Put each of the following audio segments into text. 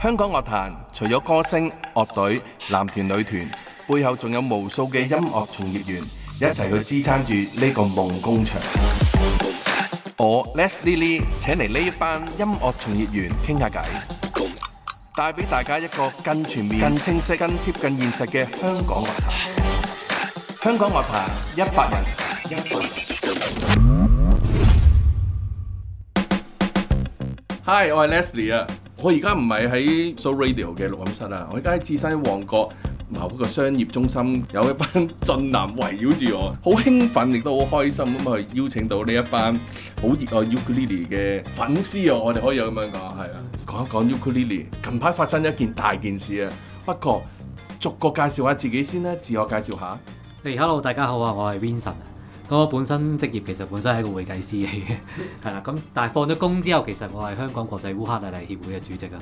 香港樂壇除咗歌星、樂隊、男團、女團，背後仲有無數嘅音樂從業員一齊去支撐住呢個夢工場。我 Leslie 請嚟呢一班音樂從業員傾下偈，帶俾大家一個更全面、更清晰、更貼近現實嘅香港樂壇。香港樂壇一百人。一百人。Hi，我係 Leslie 啊。我而家唔係喺 So Radio 嘅錄音室啊，我而家喺置身喺旺角某一個商業中心，有一班俊男圍繞住我，好興奮亦都好開心咁去邀請到呢一班好熱愛 ukulele 嘅粉絲啊！我哋可以咁樣講，係啊，講一講 ukulele。近排發生一件大件事啊，不過逐個介紹下自己先啦，自我介紹下。誒，hey，hello，大家好啊，我係 Vincent。咁我本身職業其實本身係一個會計師嚟嘅，係 啦。咁但係放咗工之後，其實我係香港國際烏克麗麗協會嘅主席啊。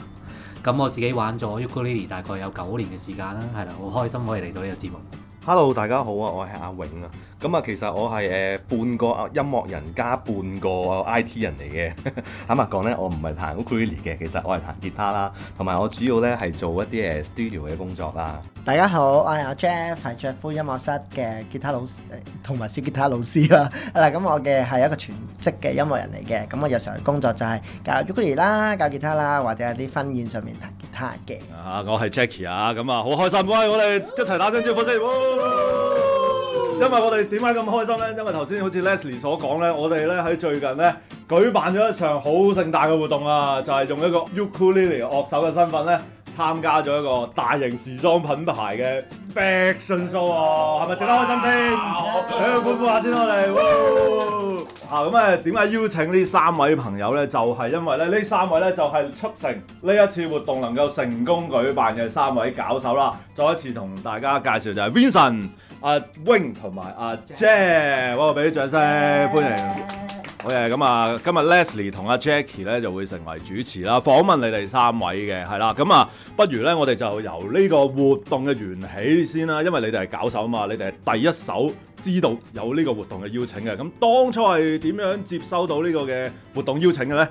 咁我自己玩咗 Ukulele 大概有九年嘅時間啦，係啦，好開心可以嚟到呢個節目。Hello，大家好啊！我係阿永啊，咁啊，其實我係誒半個音樂人加半個 IT 人嚟嘅。 坦白講咧，我唔係彈 ukulele 嘅，其實我係彈吉他啦，同埋我主要咧係做一啲誒 studio 嘅工作啦。大家好，我係阿 Jeff，係 Jeff 音樂室嘅吉他老師同埋小吉他老師啦。嗱，咁我嘅係一個全職嘅音樂人嚟嘅，咁我日常嘅工作就係教 ukulele 啦、教吉他啦，或者係啲婚宴上面。嘅，啊，我係 Jacky 啊，咁啊，好開心， 我哋一齊打聲招呼先，因為我哋點解咁開心咧？因為頭先好似 Leslie 所講咧，我哋咧喺最近咧舉辦咗一場好盛大嘅活動啊，就係、是、用一個 Ukulele 樂手嘅身份咧。參加咗一個大型時裝品牌嘅 Fashion Show，係咪上值得開心先？喺度歡呼下先我，我哋嚇咁誒點解邀請呢三位朋友呢？就係、是、因為咧呢三位呢，就係促成呢一次活動能夠成功舉辦嘅三位搞手啦。再一次同大家介紹就係 Vincent、啊、阿 Wing 同埋阿 J，嗰個俾啲掌聲歡迎。好嘅，咁啊，今日 Leslie 同阿 Jackie 咧就會成為主持啦，訪問你哋三位嘅，係啦，咁啊，不如咧，我哋就由呢個活動嘅緣起先啦，因為你哋係搞手啊嘛，你哋係第一手知道有呢個活動嘅邀請嘅，咁當初係點樣接收到呢個嘅活動邀請嘅咧？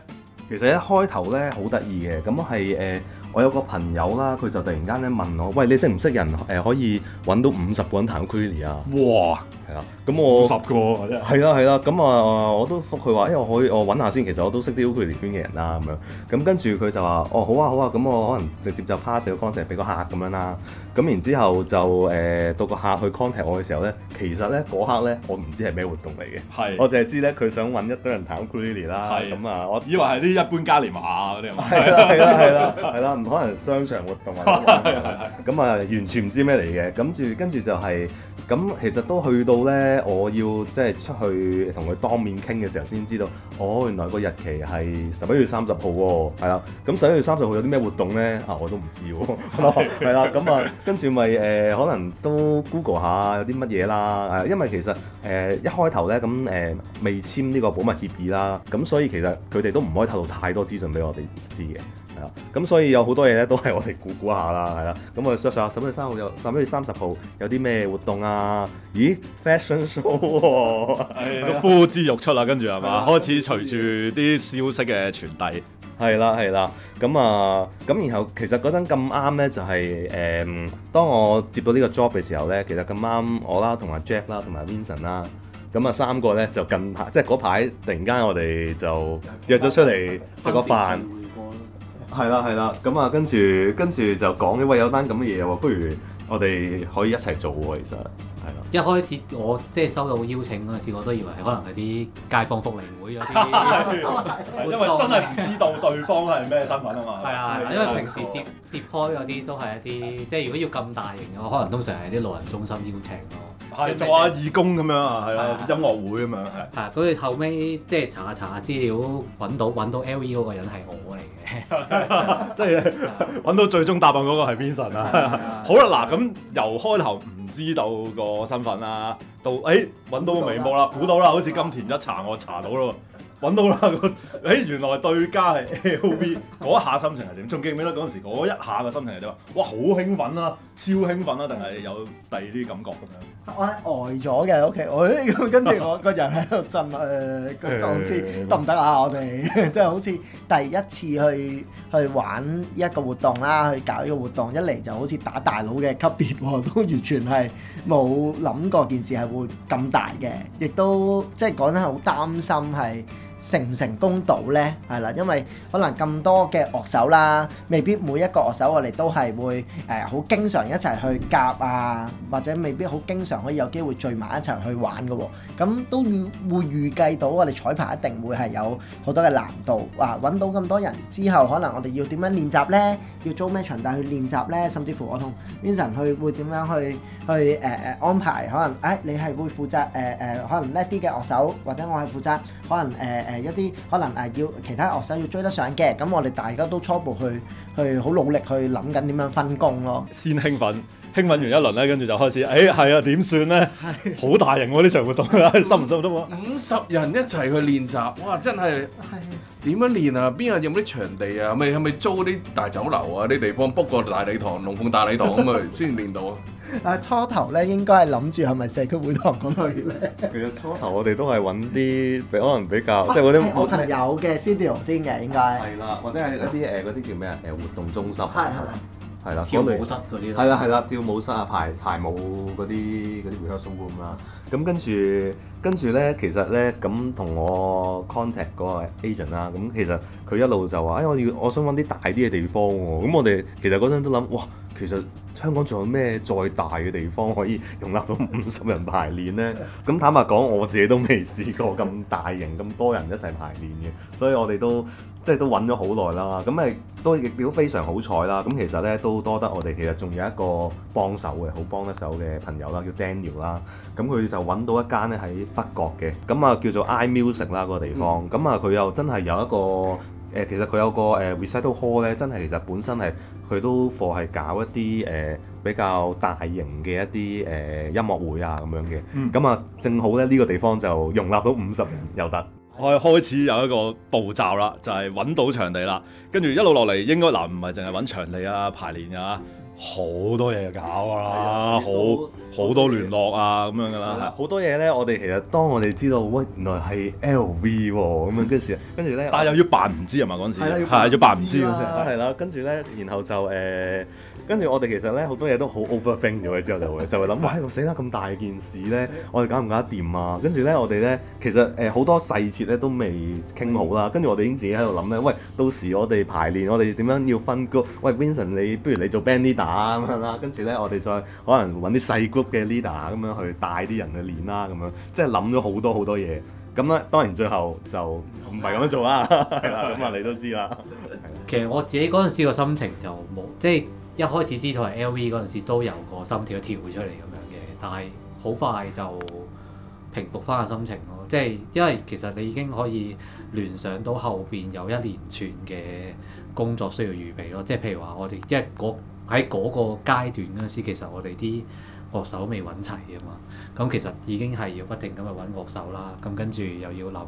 其實一開頭咧好得意嘅，咁係誒。我有個朋友啦，佢就突然間咧問我：喂，你識唔識人誒？可以揾到五十個人彈 ukulele 啊？哇！係啊，咁我五十個真係係啦係啦，咁啊、呃、我都佢話：因、欸、我可以我揾下先，其實我都識啲 ukulele 圈嘅人啦，咁樣。咁跟住佢就話：哦好啊好啊，咁、啊、我可能直接就 pass 咗個 contact 俾個客咁樣啦。咁然之後就誒、呃、到個客去 contact 我嘅時候咧，其實咧嗰刻咧我唔知係咩活動嚟嘅，我淨係知咧佢想揾一堆人彈 ukulele 啦。咁啊的，我以為係啲一般嘉年華嗰啲咁啦係啦係啦，係啦。可能商場活動啊，咁啊、 嗯、完全唔知咩嚟嘅，跟住跟住就係、是、咁、嗯，其實都去到呢，我要即係出去同佢當面傾嘅時候，先知道，哦，原來個日期係十一月三十號，係啦，咁十一月三十號有啲咩活動呢？啊，我都唔知喎，係啦， 咁、嗯、啊、嗯，跟住咪誒，可能都 Google 下有啲乜嘢啦，因為其實誒、呃、一開頭呢，咁、呃、誒未簽呢個保密協議啦，咁、嗯、所以其實佢哋都唔可以透露太多資訊俾我哋知嘅。咁所以有好多嘢咧，都係我哋估估下啦，係啦。咁我哋 search 下十一月三號有，十一月三十號有啲咩活動啊？咦，fashion show 都呼之欲出啦，跟住係嘛，了開始隨住啲消息嘅傳遞。係啦，係啦，咁啊，咁然後其實嗰陣咁啱咧，就係誒，當我接到呢個 job 嘅時候咧，其實咁啱我啦，同阿 Jack 啦，同埋 Vincent 啦，咁啊三個咧就近排，即係嗰排突然間我哋就約咗出嚟食個飯。飯係啦，係啦，咁啊，跟住跟住就講呢，喂有單咁嘅嘢喎，不如我哋可以一齊做喎，其實係啦。一開始我即係收到邀請嗰陣時，我都以為可能係啲街坊福利會嗰啲 的， 因為真係唔知道對方係咩身份啊嘛。係啊， 因為平時接 接開嗰啲都係一啲，即係如果要咁大型嘅話，可能通常係啲老人中心邀請做下義工咁樣啊，係啊，音樂會咁樣係。係，咁後尾即係查下查下資料，揾到揾到 L E 嗰個人係我嚟嘅，即係揾到最終答案嗰個係邊神啊？好啦，嗱咁由開頭唔知道個身份啦，到誒揾到個眉目啦，估到啦，好似金田一查我查到咯。揾到啦！誒，原來對家係 LV，嗰下心情係點？仲記唔記得嗰陣時嗰一下嘅心情係點？哇，好興奮啦、啊，超興奮啦、啊，定係有第二啲感覺咁樣？我係呆咗嘅，喺屋企。誒，跟住我個 人喺度震誒，嗰啲得唔得啊？我哋即係好似第一次去去玩一個活動啦，去搞呢個活動，一嚟就好似打大佬嘅級別，都完全係冇諗過件事係會咁大嘅，亦都即係講真係好擔心係。成唔成功到咧？係啦，因為可能咁多嘅樂手啦，未必每一個樂手我哋都係會誒好、呃、經常一齊去夾啊，或者未必好經常可以有機會聚埋一齊去玩嘅咁、哦、都會預計到我哋彩排一定會係有好多嘅難度啊！揾到咁多人之後，可能我哋要點樣練習咧？要租咩場地去練習咧？甚至乎我同 Vincent 去會點樣去去誒誒、呃、安排？可能誒、哎、你係會負責誒誒、呃呃、可能叻啲嘅樂手，或者我係負責可能誒誒。呃呃呃係一啲可能誒，要其他樂手要追得上嘅，咁我哋大家都初步去去好努力去諗緊點樣分工咯，先興奮。興奮完一輪咧，跟住就開始，誒係啊點算咧？係好大型喎，呢場活動，辛唔辛苦啊？五十人一齊去練習，哇！真係點樣練啊？邊個用啲場地啊？係咪係咪租啲大酒樓啊？啲地方 book 個大禮堂、龍鳳大禮堂咁去先練到啊？啊初頭咧，應該係諗住係咪社區會堂嗰類咧？其實初頭我哋都係揾啲比可能比較即係嗰啲冇同有嘅 studio 先嘅，應該係啦，或者係一啲誒嗰啲叫咩啊？誒活動中心係係。係啦，跳舞室嗰啲係啦，係啦，跳舞室啊，排排舞嗰啲嗰啲 rehearsal room 啊，咁跟住跟住咧，其實咧，咁同我 contact 嗰個 agent 啦，咁其實佢一路就話，哎，我要我想搵啲大啲嘅地方喎，哦。咁我哋其實嗰陣都諗哇。其實香港仲有咩再大嘅地方可以容納到五十人排練呢？咁坦白講，我自己都未試過咁大型、咁 多人一齊排練嘅，所以我哋都即係都揾咗好耐啦。咁咪都亦都非常好彩啦。咁其實呢，都多得我哋其實仲有一個幫手嘅，好幫得手嘅朋友啦，叫 Daniel 啦。咁佢就揾到一間呢喺北角嘅，咁啊叫做 I Music 啦個地方。咁啊佢又真係有一個。誒其實佢有個誒 recital hall 咧，真、呃、係 其實本身係佢都課係搞一啲誒、呃、比較大型嘅一啲誒、呃、音樂會啊咁樣嘅，咁啊、嗯、正好咧呢、呢個地方就容納到五十人又得，開 開始有一個步驟啦，就係、是、揾到場地啦，跟住一路落嚟應該嗱唔係淨係揾場地啊排練㗎、啊。好多嘢搞啊，好好多聯絡啊咁樣㗎啦，好多嘢咧，我哋其實當我哋知道，喂，原來係 LV 喎咁樣嗰時，跟住咧，嗯，但係又要扮唔知啊嘛嗰陣時，係啦，要扮唔知啊，係啦，跟住咧，然後就誒。呃跟住我哋其實咧好多嘢都好 overthink 咗，之後就會就會諗，喂，我死啦！咁大件事咧，我哋搞唔搞得掂啊？跟住咧，我哋咧其實誒好多細節咧都未傾好啦。跟住我哋已經自己喺度諗咧，喂，到時我哋排練，我哋點樣要分 group？喂， 喂，Vincent，你不如你做 band leader 咁樣啦。跟住咧，我哋再可能揾啲細 group 嘅 leader 咁樣去帶啲人去練啦。咁樣即係諗咗好多好多嘢。咁咧，當然最後就唔係咁樣做啦。係啦，咁 啊樂，你都知啦。其實我自己嗰陣時個心情就冇即係。一開始知道係 LV 嗰陣時，都有個心跳跳出嚟咁樣嘅，但係好快就平復翻個心情咯。即係因為其實你已經可以聯想到後邊有一連串嘅工作需要預備咯。即係譬如話，我哋因為喺嗰個階段嗰陣時，其實我哋啲樂手未揾齊啊嘛，咁其實已經係要不停咁去揾樂手啦。咁跟住又要諗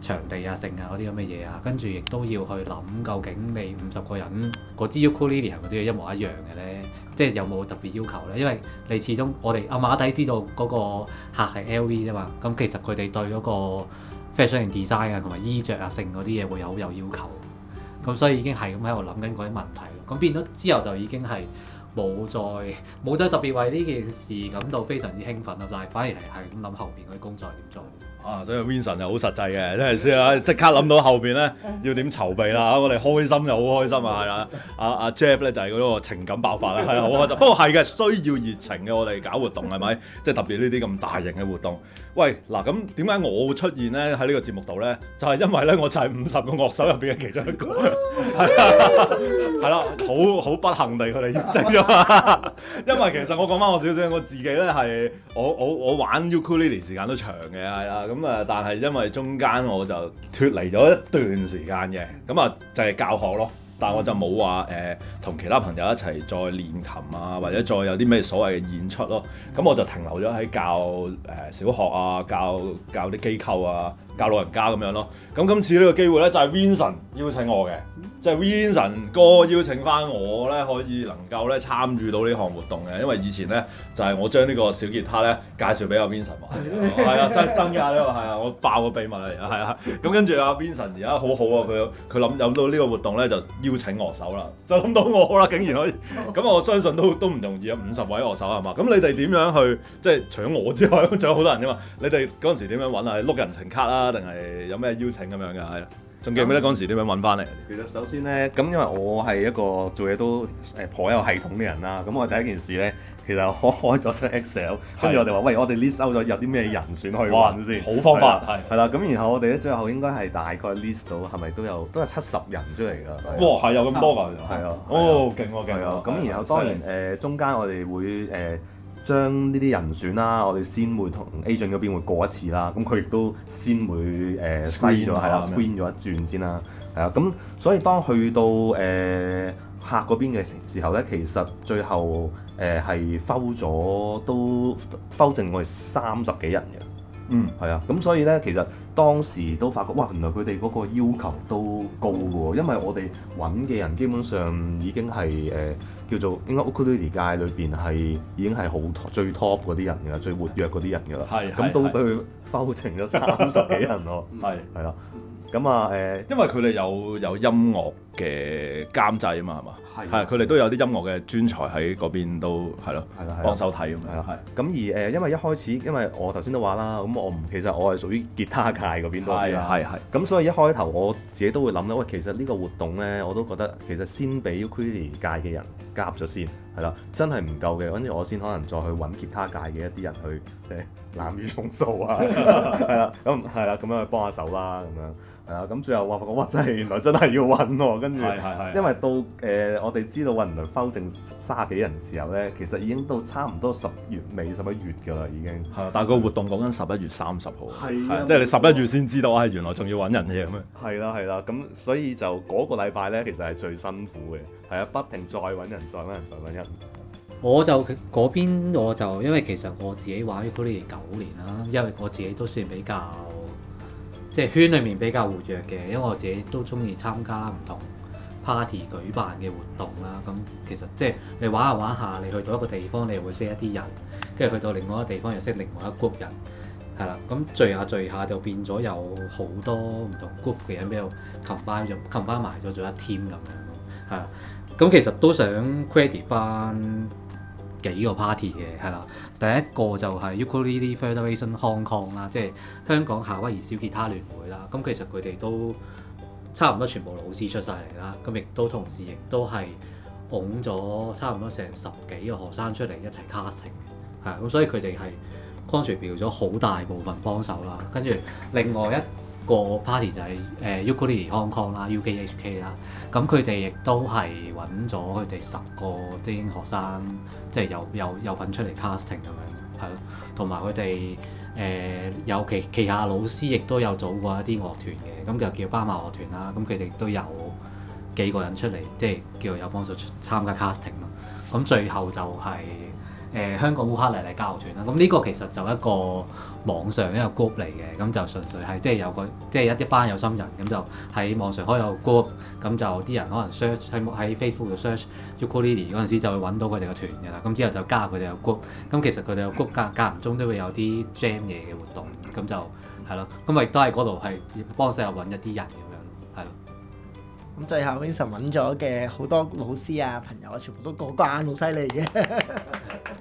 場地啊、剩啊嗰啲咁嘅嘢啊，跟住亦都要去諗究竟你五十個人嗰支 ukulele 係咪都一模一樣嘅咧？即係有冇特別要求咧？因為你始終我哋阿馬底知道嗰個客係 LV 啫嘛，咁其實佢哋對嗰個 fashion design 啊同埋衣着啊性嗰啲嘢會有好有，有要求。咁所以已經係咁喺度諗緊嗰啲問題咯。咁變咗之後就已經係。冇再冇再特別為呢件事感到非常之興奮咯，但係反而係係咁諗後面嗰啲工作係點做啊！所以 Vincent 就好實際嘅，真係先啊，即刻諗到後面咧要點籌備啦！我哋開心就好開心 啊！阿、啊、阿 Jeff 咧就係、是、嗰個情感爆發啦，係好開心。 不過係嘅，需要熱情嘅，我哋搞活動係咪？即係 特別呢啲咁大型嘅活動。喂，嗱，咁點解我會出現咧喺呢個節目度咧？就係因為咧，我就係五十個樂手入邊嘅其中一個 的，係啦， 係啦，好好不幸地佢哋認識咗。因為其實我講翻我少少，我自己咧係我我我玩 Ukulele 時間都長嘅，係啦，咁啊，但係因為中間我就脱離咗一段時間嘅，咁啊就係教學咯。但我就冇話誒，同、呃、其他朋友一齊再練琴啊，或者再有啲咩所謂嘅演出咯。咁我就停留咗喺教誒、呃、小學啊，教教啲機構啊。教老人家咁樣咯，咁今次呢個機會咧就係 Vincent 邀請我嘅，即係 Vincent 哥邀請翻我咧可以能夠咧參與到呢項活動嘅，因為以前咧就係我將呢個小吉他咧介紹俾阿 Vincent 玩，係啊，真係㗎，呢個係啊，我爆個秘密嚟啊，係啊，咁跟住阿 Vincent 而家好好啊，佢佢諗諗到呢個活動咧就邀請樂手啦，就諗到我啦，竟然可以，咁我相信都都唔容易啊，五十位樂手係嘛，咁你哋點樣去即係除咗我之外，仲有好多人㗎嘛，你哋嗰陣時點樣揾啊？碌人情卡啦～定係有咩邀請咁樣嘅？係啦，仲記唔記得嗰陣時點樣揾翻嚟？其實首先咧，咁因為我係一個做嘢都係頗有系統嘅人啦。咁我第一件事咧，其實我開咗張 Excel，跟住我哋話：喂，我哋 list out 咗有啲咩人選去搵先。好方法，係。係啦，咁然後我哋咧最後應該係大概 list 到係咪都有都係七十人出嚟㗎？哇，係有咁多㗎？係啊，哦，勁喎，勁喎。咁然後當然誒，中間我哋會誒。將呢啲人選啦，我哋先會同 agent 嗰邊會過一次啦，咁佢亦都先會誒篩咗係啦，篩咗一轉先啦，係 Screen 啊，咁所以當去到誒、呃、客嗰邊嘅時候咧，其實最後誒係揀咗都揀剩我哋三十幾人嘅，嗯，係啊，咁所以咧其實當時都發覺哇，原來佢哋嗰個要求都高嘅喎，因為我哋揾嘅人基本上已經係誒。呃叫做應該 ukulele 界裏邊係已經係好最 top 啲人㗎，最活躍啲人㗎啦。係是，咁都俾佢收成咗三十幾人咯。係係啦。咁啊，誒、欸、因為佢哋有有音樂。嘅監製啊嘛，係嘛？係，佢哋都有啲音樂嘅專才喺嗰邊，都係咯，幫手睇咁樣。係啊，咁而誒，因為一開始，因為我頭先都話啦，咁我唔，其實我係屬於吉他界嗰邊多啲。係咁所以一開頭我自己都會諗咧，喂，其實呢個活動咧，我都覺得其實先俾 Ukulele 界嘅人夾咗先，係啦，真係唔夠嘅，跟住我先可能再去揾吉他界嘅一啲人去即係濫竽充數啊，係啦，咁係啦，咁樣去幫下手啦，咁樣係啊，咁最後話哇，真係原來真係要揾我。跟住，是是是是因為到誒我哋知道、嗯、原來否證卅幾人嘅時候呢，其實已經到差唔多十月尾十一月㗎啦，已經。係，但個活動講緊十一月三十號，係，即係你十一月先知道，係原來仲要揾人嘅咁樣。係啦係啦，咁所以就嗰個禮拜呢，其實係最辛苦嘅，係啊，不停再揾人，再揾人，再揾人。我就嗰邊我就因為其實我自己玩嗰啲九年啦，因為我自己都算比較即係、就是、圈裡面比較活躍嘅，因為我自己都中意參加唔同 party 舉辦嘅活動啦，咁其實即係你玩下玩下，你去到一個地方你會識一啲人，跟住去到另外一個地方又識另外一個 group 人，係啦，咁聚下聚下就變咗有好多唔同 group 嘅人喺度 combine 咗，combine 埋咗 comb 做一 team 咁樣囉，係啦，咁其實都想 create 翻幾個 party 嘅，係啦，第一個就係 Ukulele Federation Hong Kong 啦，即係香港夏威夷小吉他聯會啦，咁其實佢哋都。差唔多全部老師出曬嚟啦，咁亦都同時亦都係揾咗差唔多成十幾個學生出嚟一齊 casting 嘅，咁所以佢哋係 contribute 咗好大部分幫手啦。跟住另外一個 party 就係誒 Ukulele Hong Kong 啦，UKHK 啦，咁佢哋亦都係揾咗佢哋十個精英學生，即係有有有份出嚟 casting 咁樣。係同埋佢哋誒有、呃、尤其旗下老師亦都有組過一啲樂團嘅，咁就叫巴馬樂團啦。咁佢哋都有幾個人出嚟，即係叫做有幫手參加 casting 咯。咁最後就係、是。誒、呃、香港烏克麗麗交流團啦，咁呢個其實就一個網上一個 group 嚟嘅，咁就純粹係即係有個即係一一班有心人咁就喺網上開個 group，咁就啲人可能 search 喺喺 Facebook 度 search ukulele 嗰陣時就會揾到佢哋個團嘅啦，咁之後就加佢哋個 group，咁其實佢哋個 group 間間唔中都會有啲 jam 嘢嘅活動，咁就係咯，咁亦都係嗰度係幫手揾一啲人。咁最後 Vincent 揾咗嘅好多老師啊、朋友啊，全部都過關，好犀利嘅。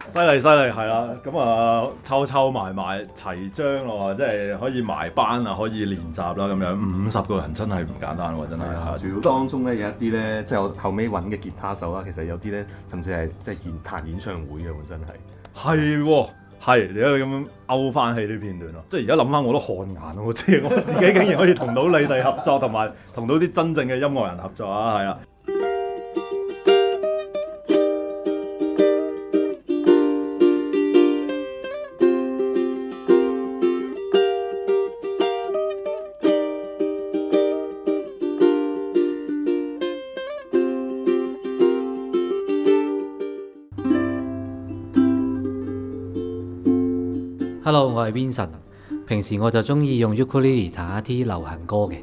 犀利犀利，係啦。咁啊，抽抽埋埋齊章啦喎，即係可以埋班啊，可以練習啦咁樣。五十個人真係唔簡單喎，真係。係啊。主要當中咧有一啲咧，即係我後尾揾嘅吉他手啦，其實有啲咧甚至係即係演彈演唱會嘅，真係。係喎。係，你可以咁樣勾翻起啲片段咯，即係而家諗翻我都汗顏喎，即係我自己竟然可以同到你哋合作，同埋同到啲真正嘅音樂人合作啊，係啦。Hello，我係 Vincent。平時我就中意用 ukulele 彈下啲流行歌嘅。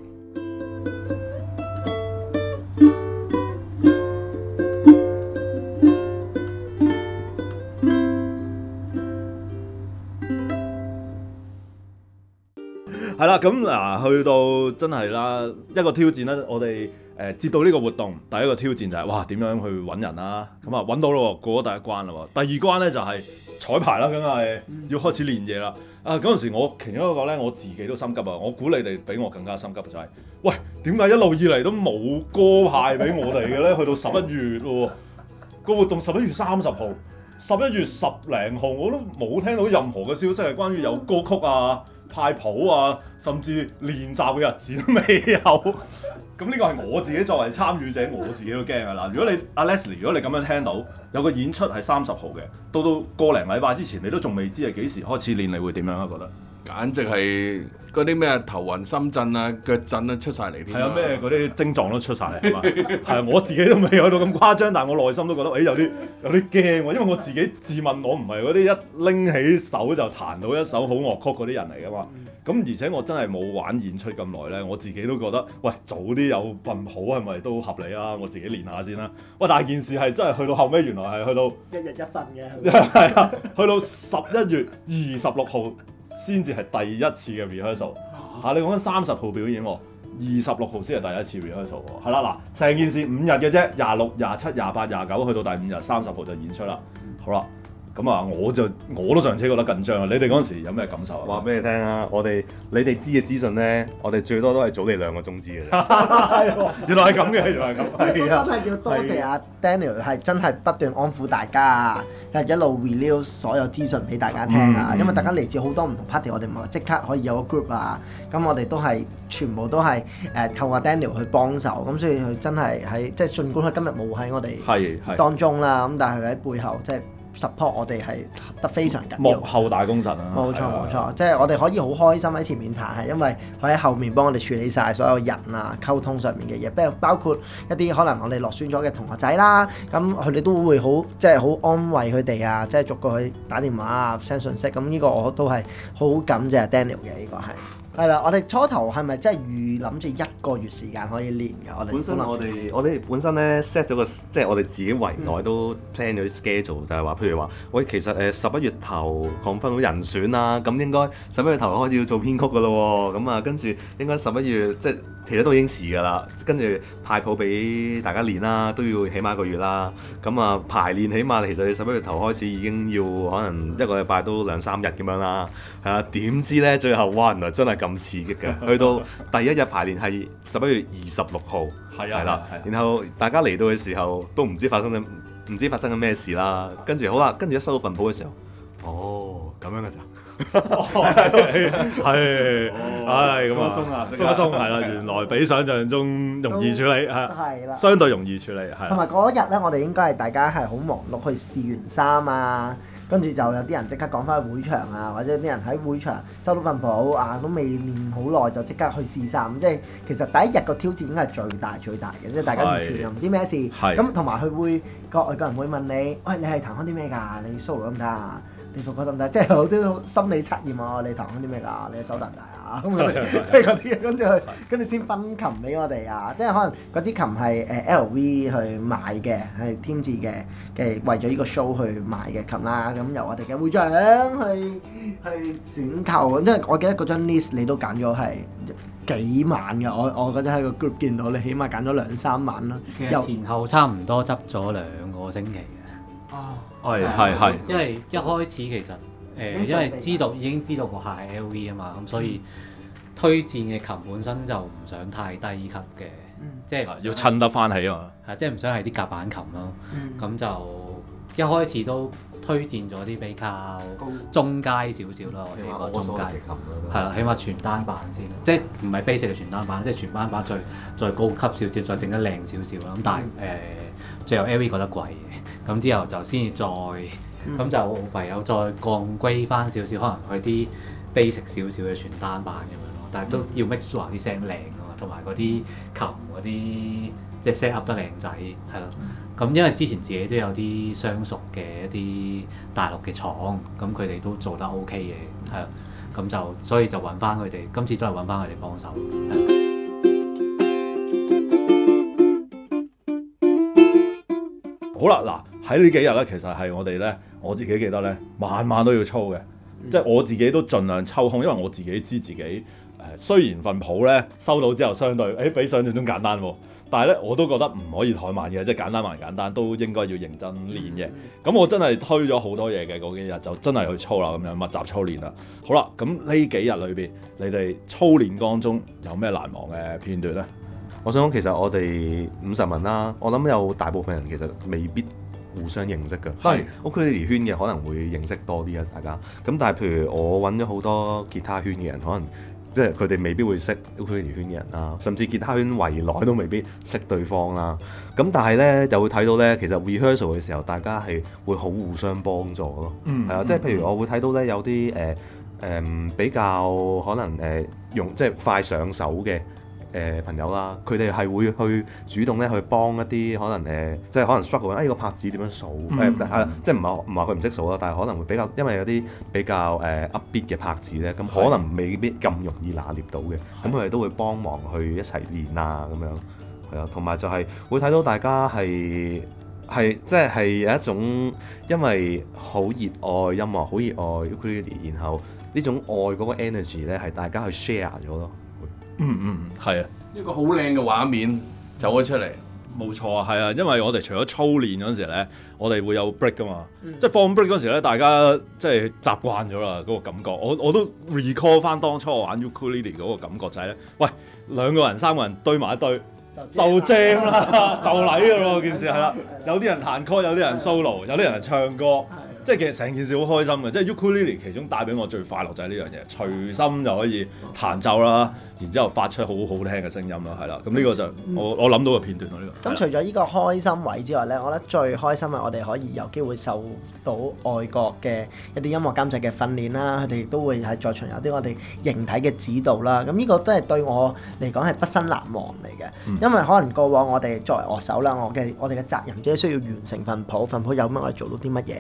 係啦，咁嗱，去到真係啦，一個挑戰啦。我哋誒接到呢個活動，第一個挑戰就係、是、哇，點樣去揾人啦？咁啊，揾到咯，過咗第一關啦。第二關呢，就係、是。彩排啦，梗係要開始練嘢啦！啊，嗰陣時我其中一個咧，我自己都心急啊！我估你哋比我更加心急就係，喂，點解一路以嚟都冇歌派俾我哋嘅咧？去到十一月喎，個活動十一月三十號，十一月十零號我都冇聽到任何嘅消息係關於有歌曲啊、派譜啊，甚至練習嘅日子 都未有。咁呢個係我自己作為參與者，我自己都驚㗎啦！如果你阿 Leslie，如果你咁樣聽到有個演出係三十號嘅，到到個零禮拜之前，你都仲未知係幾時開始練，你會點樣啊？我覺得，簡直係～嗰啲咩頭暈深震啊，腳震啊出晒嚟啲，係啊咩嗰啲症狀都出晒嚟，係 我自己都未去到咁誇張，但係我內心都覺得，誒、哎、有啲有啲驚喎，因為我自己自問我唔係嗰啲一拎起手就彈到一首好樂曲嗰啲人嚟噶嘛。咁、嗯、而且我真係冇玩演出咁耐咧，我自己都覺得，喂早啲有運好係咪都合理啊？我自己練下先啦、啊。喂，但係件事係真係去到後尾，原來係去到一日一份嘅，係啊， 去到十一月二十六號。先至係第一次嘅 rehearsal，啊，你講緊三十號表演喎，二十六號先係第一次 rehearsal。係啦嗱，成件事五日嘅啫，廿六、廿七、廿八、廿九去到第五日，三十號就演出啦，好啦。咁啊，我就我都上車覺得緊張啊！你哋嗰陣時有咩感受啊？話俾你聽啊！我哋你哋知嘅資訊咧，我哋最多都係早你兩個鐘知嘅。原來係咁嘅，原來係咁。我真係要多謝阿 Daniel，係真係不斷安撫大家，係一路 release 所有資訊俾大家聽啊！因為大家嚟自好多唔同 party，我哋唔係即刻可以有個 group 啊。咁我哋都係全部都係誒靠阿 Daniel 去幫手。咁所以佢真係喺即係，儘管佢今日冇喺我哋係係當中啦，咁但係佢喺背後即係。support 我哋係得非常緊要，幕後大功臣啊！冇錯冇錯，冇錯即係我哋可以好開心喺前面談，係因為佢喺後面幫我哋處理晒所有人啊，溝通上面嘅嘢，不過包括一啲可能我哋落選咗嘅同學仔啦，咁佢哋都會好即係好安慰佢哋啊，即係逐個去打電話啊 send 信息，咁呢個我都係好感謝、啊、Daniel 嘅呢、呢個係。係啦，我哋初頭係咪真係預諗住一個月時間可以練㗎？我哋本身我哋我哋本身咧 set 咗個即係我哋自己圍內都 plan 咗啲 schedule，就係話，譬如話，喂，其實誒十一月頭講分好，人選啦，咁應該十一月頭開始要做編曲㗎咯，咁、嗯、啊跟住應該十一月即係、就是、其實都已經遲㗎啦，跟住派譜俾大家練啦，都要起碼一個月啦，咁、嗯、啊排練起碼其實十一月頭開始已經要可能一個禮拜都兩三日咁樣啦，係啊，點知咧最後哇，原來真係咁～咁刺激嘅，去到第一日排練係十一月二十六號，係啦、 啊，啊啊、然後大家嚟到嘅時候都唔知發生咗唔知發生咗咩事啦，跟住好啦，跟住一收到份譜嘅時候，哦，咁樣嘅咋，係係咁鬆啊，松鬆係啦，原來比想象中容易處理吓，係啦都，啊啊、相對容易處理，係同埋嗰日咧，我哋應該係大家係好忙碌去試完衫啊。跟住就有啲人即刻趕翻去會場啊，或者啲人喺會場收到份簿啊，都未練好耐就即刻去試衫。即係其實第一日個挑戰應該係最大最大嘅，是即係大家完全是又唔知咩事咁，同埋佢會外國人會問你：喂，你係彈開啲咩㗎？你 show 咁得啊？做嗰啲唔得，即係有啲心理測驗啊、哦，你彈啲咩㗎？你手大唔大啊？咁即係嗰啲，跟住佢，跟住先分琴俾我哋啊。即係可能嗰支琴係誒 LV 去買嘅，係添置嘅，嘅為咗呢個 show 去買嘅琴啦。咁由我哋嘅會長去去選購，即係我記得嗰張 list 你都揀咗係幾萬㗎。我我嗰陣喺個 group 見到你，起碼揀咗兩三萬啦。其實前後差唔多執咗兩個星期嘅。哦。係，係，係。因為一開始其實誒，因為知道已經知道個客係 LV 啊嘛，咁所以推薦嘅琴本身就唔想太低級嘅，即係要襯得翻起啊嘛。係即係唔想係啲夾板琴咯，咁就一開始都推薦咗啲比較中階少少咯，即係個中階嘅琴。係啦，起碼全單板先，即係唔係 basic 嘅全單板，即係全單板最再高級少少，再整得靚少少啦。咁但係誒，最後 LV 覺得貴。咁之後就先至再，咁、嗯、就唯有再降歸翻少少，可能佢啲 basic 少少嘅傳單版咁樣咯。但係都要 mix up 啲聲靚啊，同埋嗰啲琴嗰啲、嗯、即係 set up 得靚仔，係咯。咁因為之前自己都有啲相熟嘅一啲大陸嘅廠，咁佢哋都做得 OK 嘅，係咯。咁就所以就揾翻佢哋，今次都係揾翻佢哋幫手。好啦，嗱。喺呢幾日咧，其實係我哋咧，我自己記得咧，晚晚都要操嘅，即係我自己都盡量抽空，因為我自己知自己誒，雖然份譜咧收到之後，相對誒、欸、比想象中簡單，但係咧我都覺得唔可以怠慢嘅，即係簡單還簡單，都應該要認真練嘅。咁我真係推咗好多嘢嘅嗰幾日，就真係去操啦，咁樣密集操練啦。好啦，咁呢幾日裏邊，你哋操練當中有咩難忘嘅片段咧？我想講，其實我哋五十問啦，我諗有大部分人其實未必。互相認識㗎，係 ukulele 圈嘅可能會認識多啲啊，大家。咁但係譬如我揾咗好多吉他圈嘅人，可能即係佢哋未必會識 ukulele 圈嘅人啊，甚至吉他圈圍內都未必識對方啦、啊。咁但係咧就會睇到咧，其實 rehearsal 嘅時候，大家係會好互相幫助咯。嗯，嗯，嗯，嗯，係啊，即係譬如我會睇到咧有啲誒誒比較可能誒、呃、用即係快上手嘅。誒、呃、朋友啦，佢哋係會去主動咧去幫一啲可能誒、呃，即係可能 struggle，哎、啊這個拍子點樣數？係、嗯嗯呃、即係唔係唔話佢唔識數啦，但係可能會比較，因為有啲比較誒 upbeat 嘅拍子咧，咁可能未必咁容易拿捏到嘅，咁佢哋都會幫忙去一齊練啊，咁樣係啊，同埋就係會睇到大家係係即係係有一種，因為好熱愛音樂，好熱愛 ukulele 然後呢種愛嗰個 energy 咧係大家去 share 咗咯。嗯嗯，係啊、um, um，一個好靚嘅畫面走咗出嚟，冇 ile 錯啊，係啊，因為我哋除咗操練嗰陣時咧，我哋會有 break 噶嘛，即係放 break 嗰陣時咧，嗯、大家即係習慣咗啦嗰個感覺，我我都 recall 翻當初我玩 Ukulele 嗰個感覺就係、是、咧，喂兩個人三個人堆埋一堆就正 a 啦，就嚟嘅喎件事係啦，有啲人彈曲，有啲人 solo，有啲人係唱歌，即係其實成件事好開心嘅，即係 Ukulele 其中帶俾我最快樂就係呢樣嘢，隨心就可以彈奏啦，然之後發出好好聽嘅聲音啦，係啦。咁呢個就我、嗯、我諗到嘅片段咯，呢、嗯呢個。咁除咗呢個開心位之外咧，我覺得最開心嘅我哋可以有機會受到外國嘅一啲音樂監製嘅訓練啦，佢哋都會係在場有啲我哋形體嘅指導啦。咁呢個都係對我嚟講係畢生難忘嚟嘅，嗯嗯、因為可能過往我哋作為樂手啦，我嘅我哋嘅責任即係需要完成份譜，份、這、譜、個、有乜我哋做到啲乜嘢。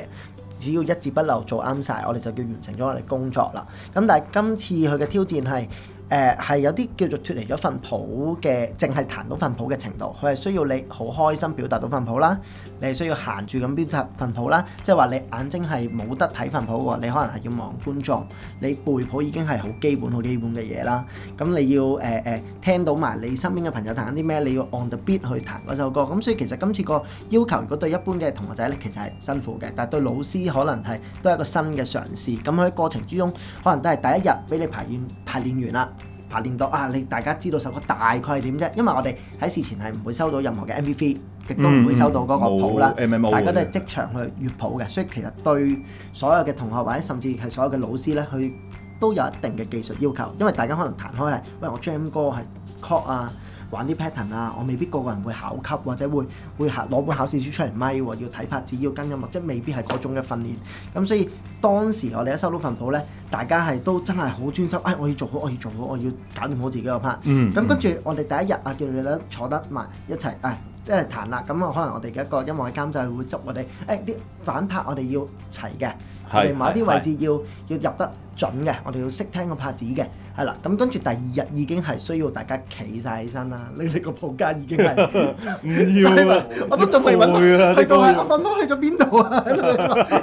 只要一字不漏做啱晒，我哋就叫完成咗我哋工作啦。咁但係今次佢嘅挑戰係，誒係、呃、有啲叫做脱離咗份譜嘅，淨係彈到份譜嘅程度，佢係需要你好開心表達到份譜啦，你係需要行住咁表達份譜啦，即係話你眼睛係冇得睇份譜嘅，你可能係要望觀眾，你背譜已經係好基本好基本嘅嘢啦，咁你要誒誒、呃呃、聽到埋你身邊嘅朋友彈啲咩，你要 on the beat 去彈嗰首歌，咁所以其實今次個要求，如果對一般嘅同學仔咧，其實係辛苦嘅，但對老師可能係都係一個新嘅嘗試，咁喺過程之中，可能都係第一日俾你排練排練完啦。排練到啊！你大家知道首歌大概係點啫？因為我哋喺事前係唔會收到任何嘅 MP3，亦都唔會收到嗰個譜啦。大家都係即場去閱譜嘅，所以其實對所有嘅同學或者甚至係所有嘅老師咧，佢都有一定嘅技術要求。因為大家可能彈開係，喂，我 Jam 歌係 call 啊，玩啲 pattern 啊，我未必個個人會考級或者會會攞本考試書出嚟咪喎，要睇拍子，要跟音樂，或者未必係嗰種嘅訓練。咁所以當時我哋一收到份譜咧。大家係都真係好專心，誒，我要做好，我要做好，我要搞掂好自己個拍。嗯。咁跟住我哋第一日啊，叫你咧坐得埋一齊，誒，即係彈啦。咁啊，可能我哋嘅一個音樂監製會執我哋，誒，啲反拍我哋要齊嘅，我哋某一啲位置要要入得準嘅，我哋要識聽個拍子嘅，係啦。咁跟住第二日已經係需要大家企晒起身啦，你你個鋪間已經係唔要，我都仲未揾，去到啊，我分工去到邊度啊？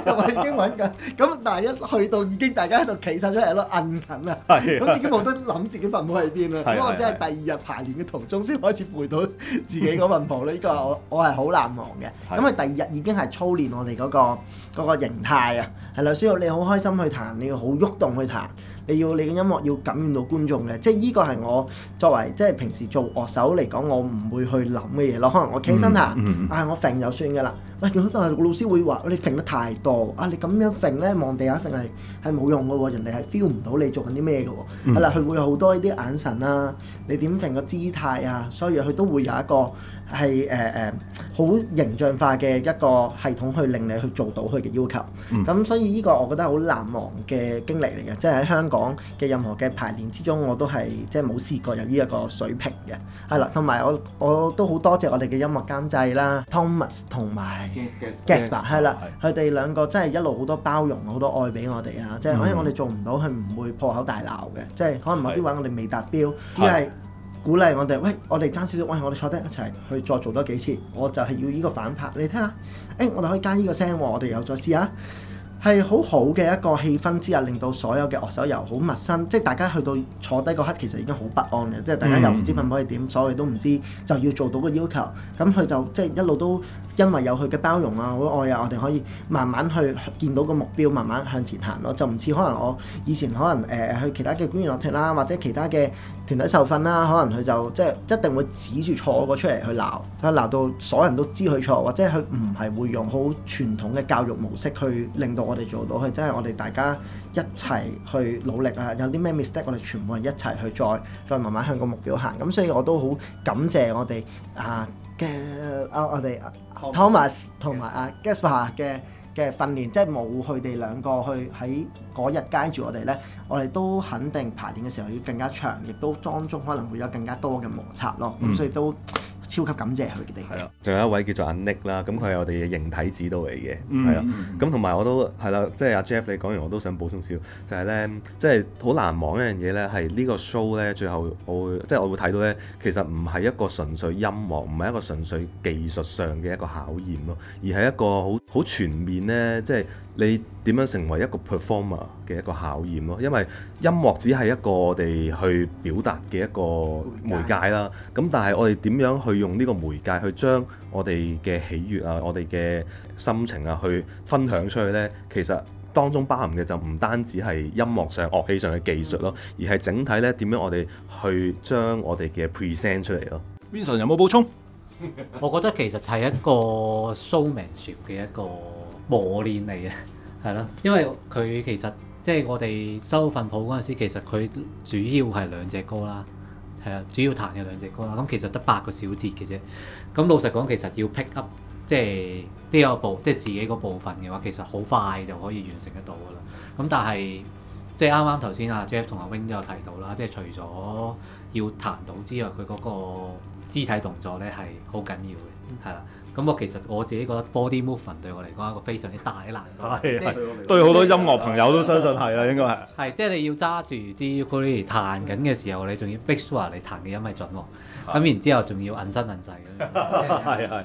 又話已經揾緊，咁但係一去到已經大家喺度。企起身都係咯，摁緊啊！咁已經冇得諗自己份譜喺邊啦。咁、啊、我只係第二日排練嘅途中先開始背到自己嗰份譜呢依、啊、個我我係好難忘嘅。咁啊，第二日已經係操練我哋嗰、嗰個嗰個形態啊。係啦，所以你好開心去彈，你要好喐動，動去彈。你要你嘅音樂要感染到觀眾嘅，即係呢個係我作為即係平時做樂手嚟講，我唔會去諗嘅嘢咯。可能我傾身下，mm hmm. 啊我揈就算噶啦。喂，都係老師會話你揈得太多啊！你咁樣揈咧，望地下揈係冇用噶喎，哦，人哋係 feel 唔到你做緊啲咩噶喎。係啦，mm，佢、hmm. 啊，會有好多呢啲眼神啦，啊，你點揈個姿態啊，所以佢都會有一個。係，誒誒好形象化嘅一個系統去令你去做到佢嘅要求，咁所以呢個我覺得好難忘嘅經歷嚟嘅，即係喺香港嘅任何嘅排練之中，我都係即係冇試過有呢一個水平嘅，係啦，同埋我我都好多謝我哋嘅音樂監製啦，Thomas 同埋 Gasper，係啦，佢哋兩個真係一路好多包容好多愛俾我哋啊，即係因為我哋做唔到佢唔會破口大鬧嘅，即係可能某啲位我哋未達標，只係，鼓勵我哋，喂，我哋爭少少，喂，我哋坐低一齊去再做多幾次，我就係要呢個反拍，你睇下，誒，我哋可以加呢個聲喎，我哋又再試下，係好好嘅一個氣氛之下，令到所有嘅樂手又好陌生，即係大家去到坐低嗰刻，其實已經好不安嘅，即係大家又唔知份譜係點，所以都唔知，就要做到個要求，咁佢就即係一路都因為有佢嘅包容啊，好愛啊，我哋可以慢慢去見到個目標，慢慢向前行咯，就唔似可能我以前可能誒去其他嘅管絃樂團啦，或者其他嘅。團體受訓啦，可能佢就即係一定會指住錯嗰個出嚟去鬧，佢鬧到所有人都知佢錯，或者佢唔係會用好傳統嘅教育模式去令到我哋做到，佢真係我哋大家一齊去努力啊！有啲咩 mistake，我哋全部人一齊去再再慢慢向個目標行。咁所以我都好感謝我哋啊嘅啊我哋、uh, Thomas 同埋啊 Gasper 嘅。嘅訓練，即係冇佢哋兩個去喺嗰日街住我哋呢。我哋都肯定排練嘅時候要更加長，亦都當中可能會有更加多嘅摩擦咯，咁、嗯、所以都。超級感謝佢哋。係咯，仲有一位叫做阿 Nick 啦，咁佢係我哋嘅形體指導嚟嘅。係啊、mm，咁同埋我都係啦，即係阿 Jeff 你講完，我都想補充少，就係、是、咧，即係好難忘一樣嘢咧，係呢個 show 咧，最後我會即係、就是、我會睇到咧，其實唔係一個純粹音樂，唔係一個純粹技術上嘅一個考驗咯，而係一個好好全面咧，即係。你點樣成為一個 performer 嘅一個考驗咯。因為音樂只係一個我哋去表達嘅一個媒介啦。咁介但係我哋點樣去用呢個媒介去將我哋嘅喜悅啊、我哋嘅心情啊去分享出去呢？其實當中包含嘅就唔單止係音樂上、樂器上嘅技術咯，嗯、而係整體呢點樣我哋去將我哋嘅 present 出嚟咯。Vincent 有冇補充？ 我覺得其實係一個 showmanship 嘅一個。磨練嚟嘅，係咯，因為佢其實即係我哋收份譜嗰陣時，其實佢主要係兩隻歌啦，係啊，主要彈嘅兩隻歌啦，咁其實得八個小節嘅啫。咁老實講，其實要 pick up 即係呢個部，即係自己嗰部分嘅話，其實好快就可以完成得到噶啦。咁但係即係啱啱頭先阿 Jeff 同阿 Wing 都有提到啦，即係除咗要彈到之外，佢嗰個肢體動作咧係好緊要嘅，係啊。咁我其實我自己覺得 body movement 對我嚟講係一個非常之大嘅難度，即係對好多音樂朋友都相信係啦，應該係。係，即係你要揸住支 Ukulele 彈緊嘅時候，你仲要 Big Swa 你彈嘅音係準喎，咁然之後仲要擰身擰勢嘅。係係，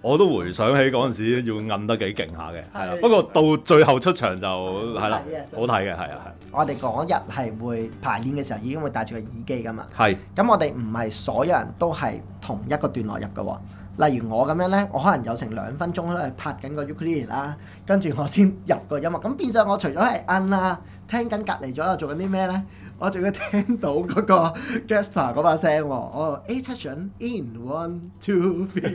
我都回想起嗰陣時要擰得幾勁下嘅，係啦。不過到最後出場就係啦，好睇嘅係啊係。我哋嗰日係會排練嘅時候已經會戴住個耳機噶嘛。係。咁我哋唔係所有人都係同一個段落入嘅喎。例如我咁樣咧，我可能有成兩分鐘都係拍緊個 ukulele 啦，跟住我先入個音樂，咁變相我除咗係摁啦，聽緊隔離咗度做緊啲咩咧？我仲要聽到個個 Gaston 把聲，喎 是，哦 A 七準 In One Two Three，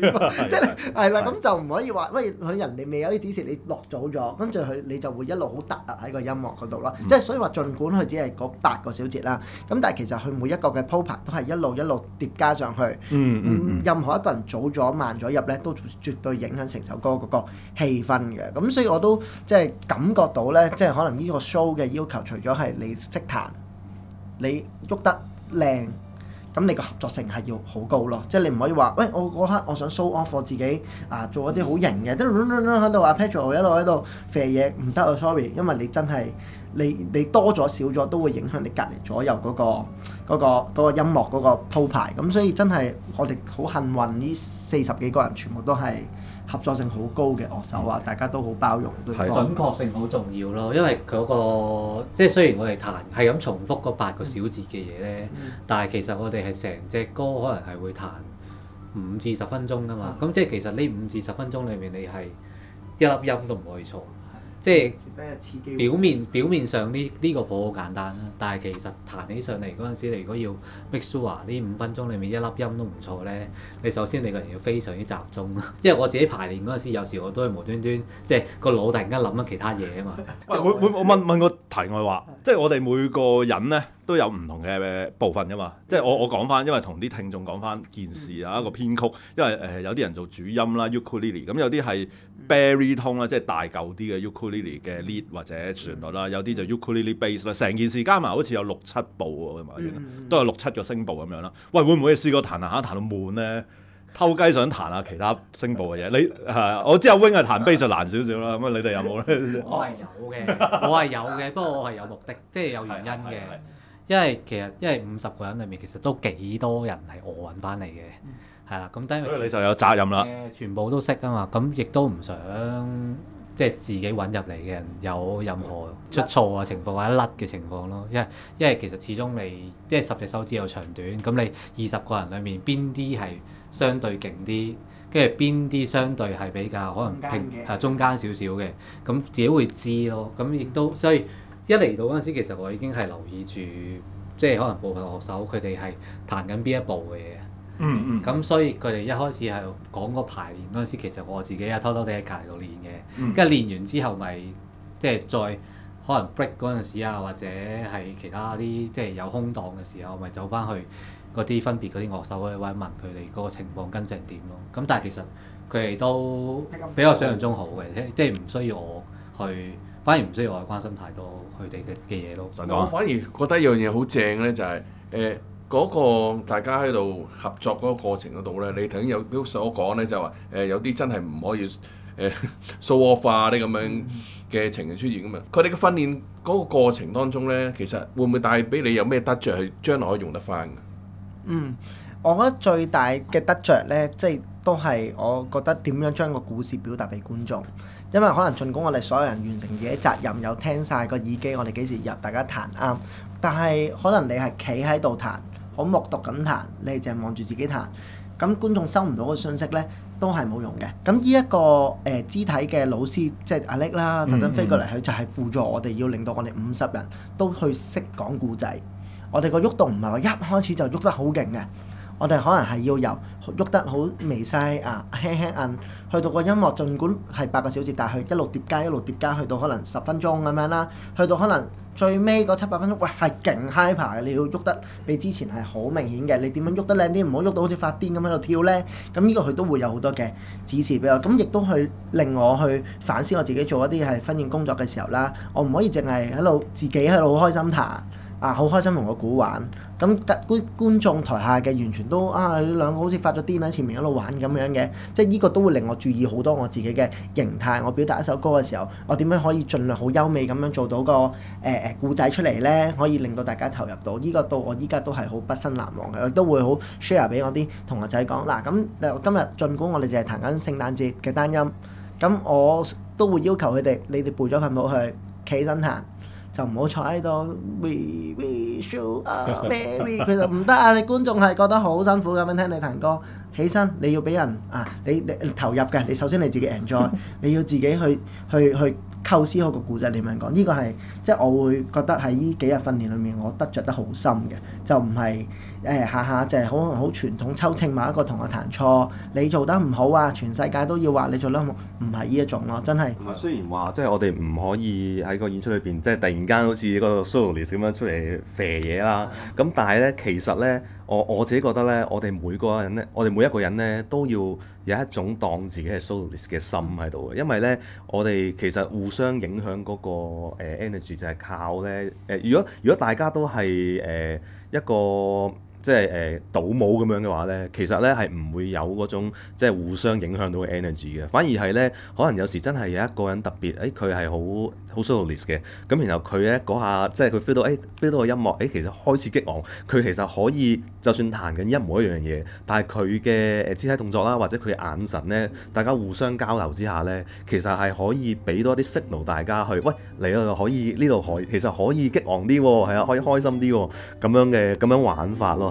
即係係啦，咁就唔可以話喂佢人哋未有啲指示，你落早咗，跟住佢你就會一路好突喺個音樂度咯，即係、mm hmm. 所以話盡管佢只係嗰八個小節啦，咁但係其實佢每一個嘅 p 鋪排都係一路一路疊加上去，嗯嗯、mm，hmm. 任何一個人早咗。慢咗入呢都絕對影響成首歌嗰個氣氛嘅。咁所以我都即係感覺到呢，即係可能呢個 show 嘅要求，除咗係你識彈，你喐得靚，咁你個合作性係要好高咯。即係你唔可以話，喂，我嗰刻我，我想 show off，我自己啊，做一啲好型嘅，即係 r 喺度，Pedro 一路喺度肥嘢，唔得啊，sorry。因為你真係你你多咗少咗，都會影響你隔離左右嗰、嗰個。嗰個音樂嗰個鋪排，咁所以真係我哋好幸運，呢四十幾個人全部都係合作性好高嘅樂手啊！的大家都好包容對，準確性好重要咯。因為嗰、嗰個即係雖然我哋彈係咁重複嗰八個小節嘅嘢咧，嗯、但係其實我哋係成隻歌可能係會彈五至十分鐘㗎嘛。咁、嗯、即係其實呢五至十分鐘裡面，你係一粒音都唔可以錯。即係表面表面上呢呢、個譜好簡單啦，但係其實彈起上嚟嗰陣時，你如果要 make sure，呢五分鐘裡面一粒音都唔錯咧，你首先你個人要非常之集中啦。因為我自己排練嗰陣時，有時我都係無端端即係個腦突然間諗咗其他嘢啊嘛。 喂，會會我問問個題外話，即係 我哋每個人咧。都有唔同嘅部分㗎嘛，即係我我講翻，因為同啲聽眾講翻件事啊，一個編曲，因為誒有啲人做主音啦，ukulele，咁有啲係 baritone 啦，即係大嚿啲嘅 ukulele 嘅 lead 或者旋律啦，有啲就 ukulele bass 啦，成件事加埋好似有六七部㗎嘛，原來都有六七個聲部咁樣啦。喂，會唔會試過彈下彈到悶咧？偷雞想彈下其他聲部嘅嘢？你，我知阿 wing 係彈 bass 就難少少啦，咁好、嗯嗯、你哋有冇咧？我係有嘅， 我係有嘅，不過我係有目的，即係有原因嘅。 因為其實，因為五十個人裏面，其實都幾多人係我揾翻嚟嘅，係啦、嗯，咁等。但所以你就有責任啦。全部都識啊嘛，咁亦都唔想即係自己揾入嚟嘅人有任何出錯啊，情況或者甩嘅情況咯，因為因為其實，始終你即係十隻手指有長短，咁你二十個人裡面，邊啲係相對勁啲，跟住邊啲相對係比較可能平中間、啊、中間少少嘅，咁自己會知咯，咁亦都、嗯、所以。一嚟到嗰陣時，其實我已經係留意住，即係可能部分樂手佢哋係彈緊邊一部嘅嘢。咁、mm hmm. 所以佢哋一開始係講個排練嗰陣時，其實我自己啊偷偷地喺隔離度練嘅。跟住、mm hmm. 練完之後，咪即係再可能 break 嗰陣時啊，或者係其他啲即係有空檔嘅時候，咪走翻去嗰啲分別嗰啲樂手咧，揾問佢哋嗰個情況跟成點咯。咁但係其實佢哋都比我想象中好嘅，即係唔需要我去。反而唔需要我關心太多佢哋嘅嘅嘢咯。我反而覺得一樣嘢好正咧、就是，就係誒嗰個大家喺度合作嗰個過程嗰度咧，你頭先有都所講咧，就話誒、呃、有啲真係唔可以誒、呃、數學化啲咁樣嘅情形出現噶嘛。佢哋嘅訓練嗰個過程當中咧，其實會唔會帶俾你有咩得着去將來可以用得翻？嗯，我覺得最大嘅得着咧，即、就、係、是、都係我覺得點樣將個故事表達俾觀眾。因為可能盡管我哋所有人完成自己責任，又聽晒個耳機，我哋幾時入，大家彈啱。但係可能你係企喺度彈，好木獨咁彈，你係凈係望住自己彈。咁觀眾收唔到個信息呢，都係冇用嘅。咁呢一個誒、呃、肢體嘅老師，即係阿叻啦，特登飛過嚟，佢就係、是、輔助我哋，要令到我哋五十人都去識講故仔。我哋個喐動唔係話一開始就喐得好勁嘅。我哋可能係要由喐得好微細啊，輕輕按、嗯，去到個音樂，儘管係八個小時，但係佢一路疊加，一路疊加，去到可能十分鐘咁樣啦，去到可能最尾嗰七八分鐘，喂係勁 hyper 嘅，你要喐得比之前係好明顯嘅，你點樣喐得靚啲，唔好喐到好似發癲咁喺度跳呢。咁呢個佢都會有好多嘅指示俾我，咁亦都去令我去反思我自己做一啲係婚宴工作嘅時候啦，我唔可以淨係喺度自己喺度好開心彈。啊！好開心同我估玩，咁得觀觀眾台下嘅完全都啊，你兩個好似發咗癲喺前面一路玩咁樣嘅，即係呢個都會令我注意好多我自己嘅形態。我表達一首歌嘅時候，我點樣可以盡量好優美咁樣做到個誒誒、呃、故仔出嚟咧？可以令到大家投入到呢、這個，到我依家都係好畢生難忘嘅，我都會好 share 俾我啲同學仔講。嗱，咁今日儘管我哋淨係彈緊聖誕節嘅單音，咁我都會要求佢哋，你哋背咗份簿去，企起身彈。就唔好坐喺度。Baby，佢就唔得啊！你觀眾係覺得好辛苦咁樣聽你彈歌。起身，你要俾人啊！你你投入嘅，你首先你自己 enjoy，你要自己去去去構思好個故仔。點樣講？呢個係即係我會覺得喺呢幾日訓練裏面，我得着得好深嘅，就唔係。誒、哎、下下就係好好傳統抽秤某一個同學彈錯，你做得唔好啊！全世界都要話你做得唔好唔係呢一種咯、啊，真係。唔、嗯、雖然話即係我哋唔可以喺個演出裏邊即係突然間好似個 soloist 咁樣出嚟肥嘢啦，咁但係咧其實咧，我我自己覺得咧，我哋每個人咧，我哋每一個人咧都要有一種當自己係 soloist 嘅心喺度嘅，因為咧我哋其實互相影響嗰、那個、呃、energy 就係靠咧誒、呃，如果如果大家都係誒、呃、一個。即係誒、倒舞咁樣嘅話咧，其實咧係唔會有種即係互相影響到嘅 energy 嘅，反而係咧可能有時真係有一個人特別誒，佢係好好 solos 嘅，咁、欸、然後佢咧嗰下即係佢 feel 到誒 feel、欸、到個音樂誒、欸、其實開始激昂，佢其實可以就算彈緊一模一樣嘢，但係佢嘅誒肢體動作啦或者佢眼神咧，大家互相交流之下咧，其實係可以俾多啲 signal 大家去，喂，嚟啊可以呢度可以其實可以激昂啲喎、哦，係啊可以開心啲喎、哦，咁樣嘅咁樣、樣玩法咯。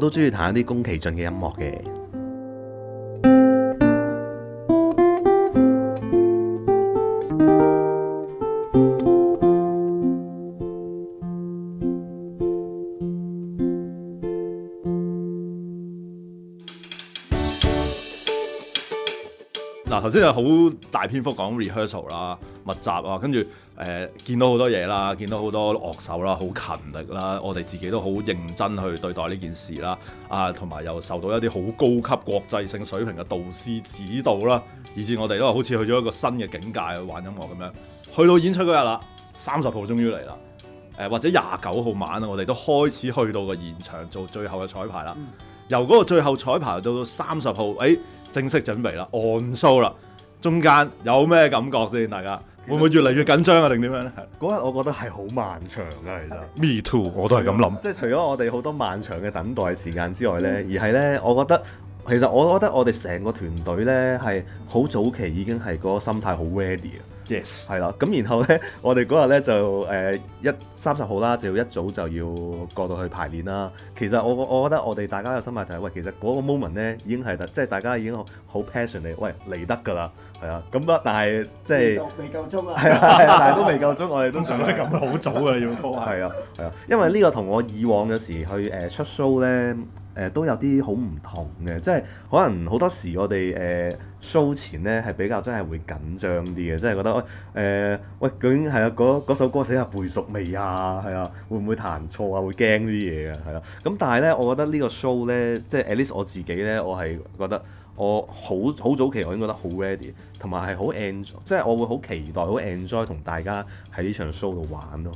我都中意彈一啲宮崎駿嘅音樂嘅。嗱，頭先有好大篇幅講 rehearsal 啦。複雜啊，跟住誒見到好多嘢啦，見到好多樂手啦，好勤力啦，我哋自己都好認真去對待呢件事啦，啊，同埋又受到一啲好高級國際性水平嘅導師指導啦，以至我哋都好似去咗一個新嘅境界去玩音樂咁樣。去到演出嗰日啦，三十號終於嚟啦，誒、呃、或者廿九號晚啊，我哋都開始去到個現場做最後嘅彩排啦。由嗰個最後彩排到到三十號，誒、欸、正式準備啦，on show 啦，中間有咩感覺先，大家？會唔會越嚟越緊張啊？定點樣咧？嗰日我覺得係好漫長啊，其實。Me too，我都係咁諗。即係 除咗我哋好多漫長嘅等待時間之外咧，而係咧，我覺得其實我覺得我哋成個團隊咧係好早期已經係個心態好 ready 啊。yes，係啦，咁然後咧，我哋嗰日咧就誒一三十號啦，就要一早就要過到去排練啦。其實我我覺得我哋大家嘅心態就係、是、喂，其實嗰個 moment 咧已經係即係大家已經好 passionate 喂嚟得噶啦，係啊，咁啊，但係即係未夠鐘啊，係啊， 但係都未夠鐘，我哋都上得咁好早啊，要拖係啊係啊，因為呢個同我以往嘅時去誒出 show 咧誒、呃、都有啲好唔同嘅，即係可能好多時我哋誒。呃 show 前咧係比較真係會緊張啲嘅，即係覺得誒、欸、喂，究竟係啊嗰首歌寫下背熟未啊？係啊，會唔會彈錯啊？會驚啲嘢嘅係啊。咁但係咧，我覺得呢個 show 咧，即係 at least 我自己咧，我係覺得我好好早期我已經覺得好 ready，同埋係好 enjoy，即係我會好期待、好 enjoy 同大家喺呢場 show 度玩咯。